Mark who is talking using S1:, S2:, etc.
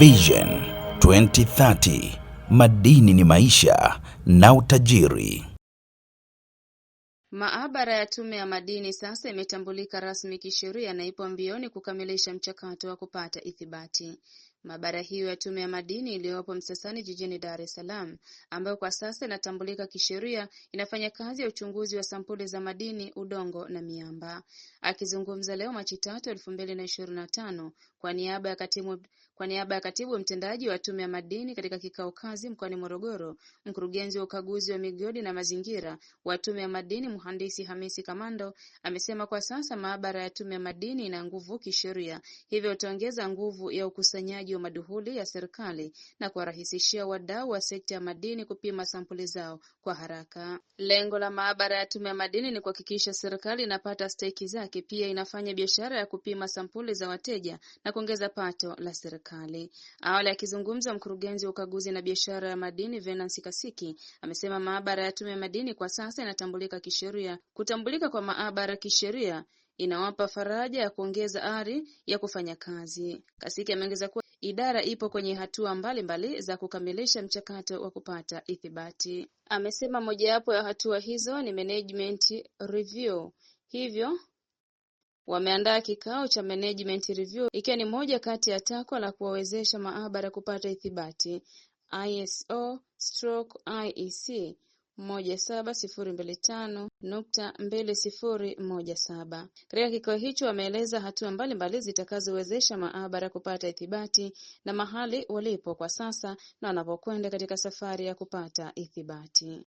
S1: Vision 2030 madini ni maisha na utajiri. Maabara ya Tume ya Madini sasa imetambulika rasmi kisheria na ipo mbioni kukamilisha mchakato wa kupata ithibati. Maabara hiyo ya Tume ya Madini iliyopo Msasani jijini Dar es Salaam, ambayo kwa sasa inatambulika kisheria, inafanya kazi ya uchunguzi wa sampuli za madini, udongo na miamba. Akizungumza leo Machi 3, 2025 kwa niaba ya katibu kwa niaba ya katibu mtendaji wa Tume ya Madini katika kikao kazi mkoani Morogoro, mkurugenzi wa ukaguzi wa migodi na mazingira wa Tume ya Madini Mhandisi Hamisi Kamando amesema kwa sasa maabara ya Tume ya Madini ina nguvu kisheria, hivyo utaongeza nguvu ya ukusanyaji utekelezaji wa maduhuli ya serikali na kuwarahisishia wadau wa sekta ya madini kupima sampuli zao kwa haraka. Lengo la maabara ya Tume ya Madini ni kuhakikisha serikali inapata stahiki zake, pia inafanya biashara ya kupima sampuli za wateja na kuongeza pato la serikali. Awali akizungumza, mkurugenzi wa ukaguzi na biashara ya madini Venance Kasiki amesema maabara ya Tume ya Madini kwa sasa inatambulika kisheria. Kutambulika kwa maabara kisheria inawapa faraja ya kuongeza ari ya kufanya kazi. Kasiki ameongeza kuwa Idara ipo kwenye hatua mbalimbali za kukamilisha mchakato wa kupata ithibati. Amesema mojawapo ya hatua hizo ni management review, hivyo wameandaa kikao cha management review ikiwa ni moja kati ya takwa la kuwawezesha maabara kupata ithibati ISO/IEC moja saba sifuri mbili tano nukta mbili sifuri moja saba. Katika kikao hicho wameeleza hatua mbalimbali zitakazowezesha maabara kupata ithibati na mahali walipo kwa sasa na wanapokwenda katika safari ya kupata ithibati.